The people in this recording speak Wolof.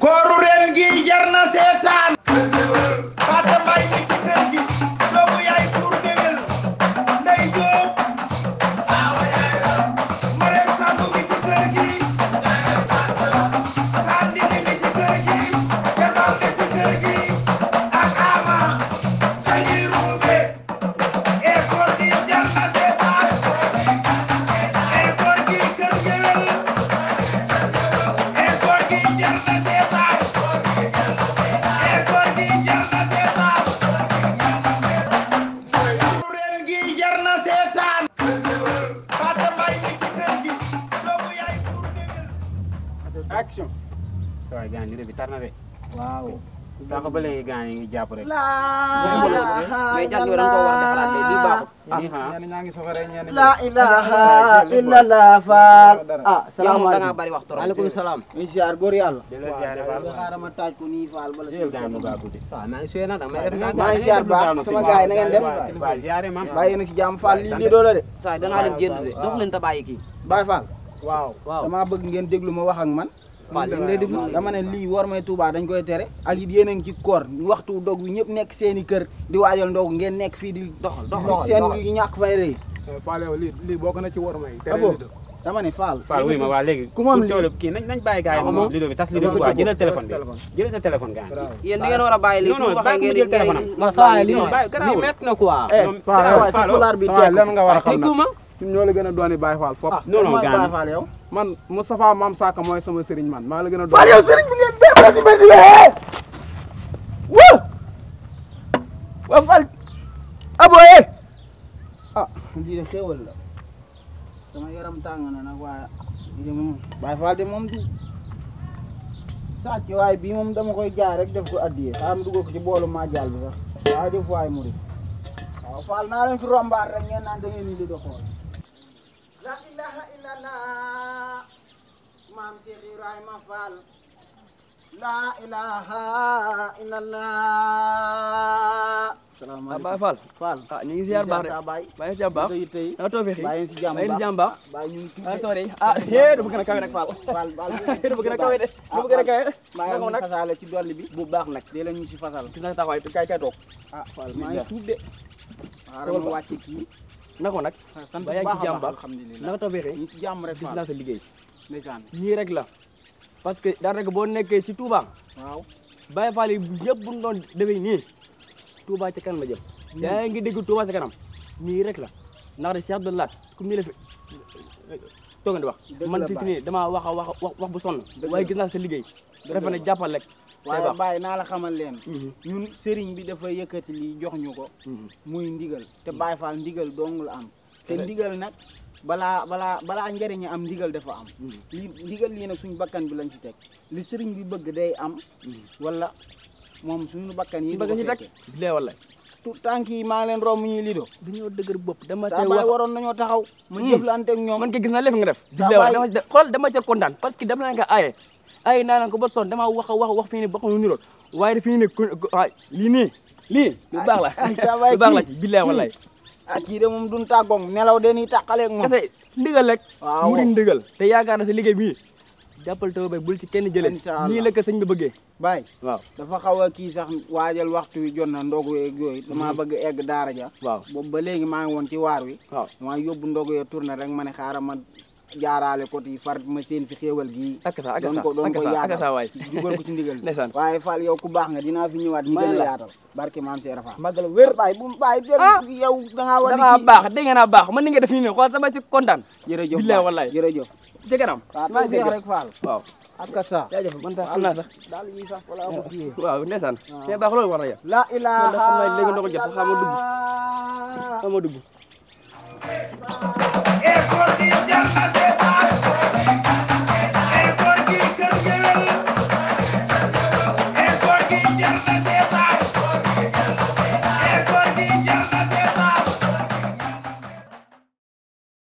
kooru ren gi jar na seeta action. sa waay gaañ bi tar na de. waaw. sànq ba léegi gaañ yi ngi jàpp rek. laa ah. ilaaha illallah laa ilaaha illallah faal. ah salaamaaleykum maaleykum salaam. incha góor yàlla. xaaral ma taaj ko nii faal bala. maa ngi suyee nag maa ngi ziar baax sama gars yi na ngeen def. bàyyi na ci jàmm faal lii lii doo la de. saa yi danaa leen jéem de dox leen ta bàyyi kii. bàyyi faal. waaw waaw damaa bëgg ngeen déglu ma wax ak man waaw li dama ne lii war may Touba dañ koy tere ak it yéen ngi ci koor waxtu dog wi ñëpp nekk seen i kër di waajal ndog ngeen nekk fii di dox doxal seen ñàkk fay rëy eh, faalew lii lii na ci war may tere dama ne Fall Fall wuy ma waa léegi ku moom lii kii nañ nañ bàyyi gars yi moom li bi tas li waa jëlal téléphone bi jëlal sa téléphone gars yi yéen da war a bàyyi lii suñu waxee ngeen jël téléphone am ma saa lii lii métti na quoi eh, Fall Fall lan nga a xam ñun ñoo la gën a dooni Baye Fall fop ah, non non Baye Fall yow mooy sama sëriñ man maa la gën a doon Fall yow sëriñ bi ngeen bee ko ci mbedd bi eh? wa wa Fall aboye eh? ah, yaram tàng na moom Baye Fall de waaye bii moom dama koy jaay rek def ko addiyee xaaram dugal ko ci boolu maa jaal bi sax waaye def waaye murid waaw Fall naa leen fi rombaat rek ngeen naan da ngeen ni di doxool ma faal la ilaha illallah salaamaaleykum Baye Fall Fall ah ñu ngi ziar baax de bàyyi si jàmm baax sorry ah hee dafa gën a kawe nag Fall Fall dafa gën a kawe de dafa gën nak kawe de maa ngi fasaale ci dolli bi bu baax nag dee leen ñu si fasal gis na taxawaay nak? kay toog ah Fall maa ngi tuub de waaw ma wàcce parce que daanaka boo nekkee ci Touba. waaw Baye Fall yi yëpp bu ñu doon defee nii Touba ca kanam la jëm. Hmm. yaa ngi rek la ndax de Cheikh Abdou Lahad la fi eh, toog a wax. man fi fi nii damaa wax a wax wax bu sonn. waaye gis naa sa liggéey. dëgg na jàppal rek. waaye bàyyi naa la xamal leen. Hmm. ñun sëriñ bi dafa yëkkati lii jox ñu ko. Hmm. muy ndigal te Baye Fall ndigal dong la am. te ndigal nag. bala bala bala njariña am ndigal dafa am li ndigal suñu bakkan bi lañ ci tek li sëriñ bi bëgg day am wala mom suñu bakkan yi bëgg ñu tek bilee wala tout tànk yi maa leen romb ñuy lido dañoo dëgër bop dama sé wax waron nañu taxaw nyoman hmm. jëflante ak ñom man ko gis na lépp nga def bilee wala xool dama ci kontaan parce que dama la nga ayé ay na la ko ba son dama wax wax wax fi ni bokku ñu niroon waaye daf ñu baax la lu baax la ci wala ah kii de moom duñ tàggoog nelaw de nii tàqaleeg moom. kese ndigal rek. waaw mu ndigal te yaakaar na si liggéey bii jàppal taw bul ci kenn jëlee. incha nii la ko ba bi bëggee. Baye dafa xaw a kii sax waajal waxtu wi jot na ndogu yeeg yooyu mhm. damaa bëgg egg daara ja. waaw boobu ba léegi maa ngi woon ci waar wi. waaw maa yóbbu ndogu ya tourné rek ma ne xaaral ma jaaraale ko ti far ma seen fi xéewal gi ak sa ak sa ko yaatal waay dugal ko ci ndigal ndeysaan waaye Fall yow ku baax nga dinaa fi ñëwaat ñu gën a yaatal barke maam Cheikh Rafa magal wér baay bu baay dé ah. yow da ngaa war a baax dégg naa ni nga def nii ne xool dama kontaan jërëjëf billahi wallahi jërëjëf ci kanam waaw jeex rek Fall waaw ak sa jaajëf man tax xam naa sax daal yi sax wala ko kii waaw ndeysaan ah. te baax loolu war na la ilaha illallah léegi ndox jëf sax xama dugg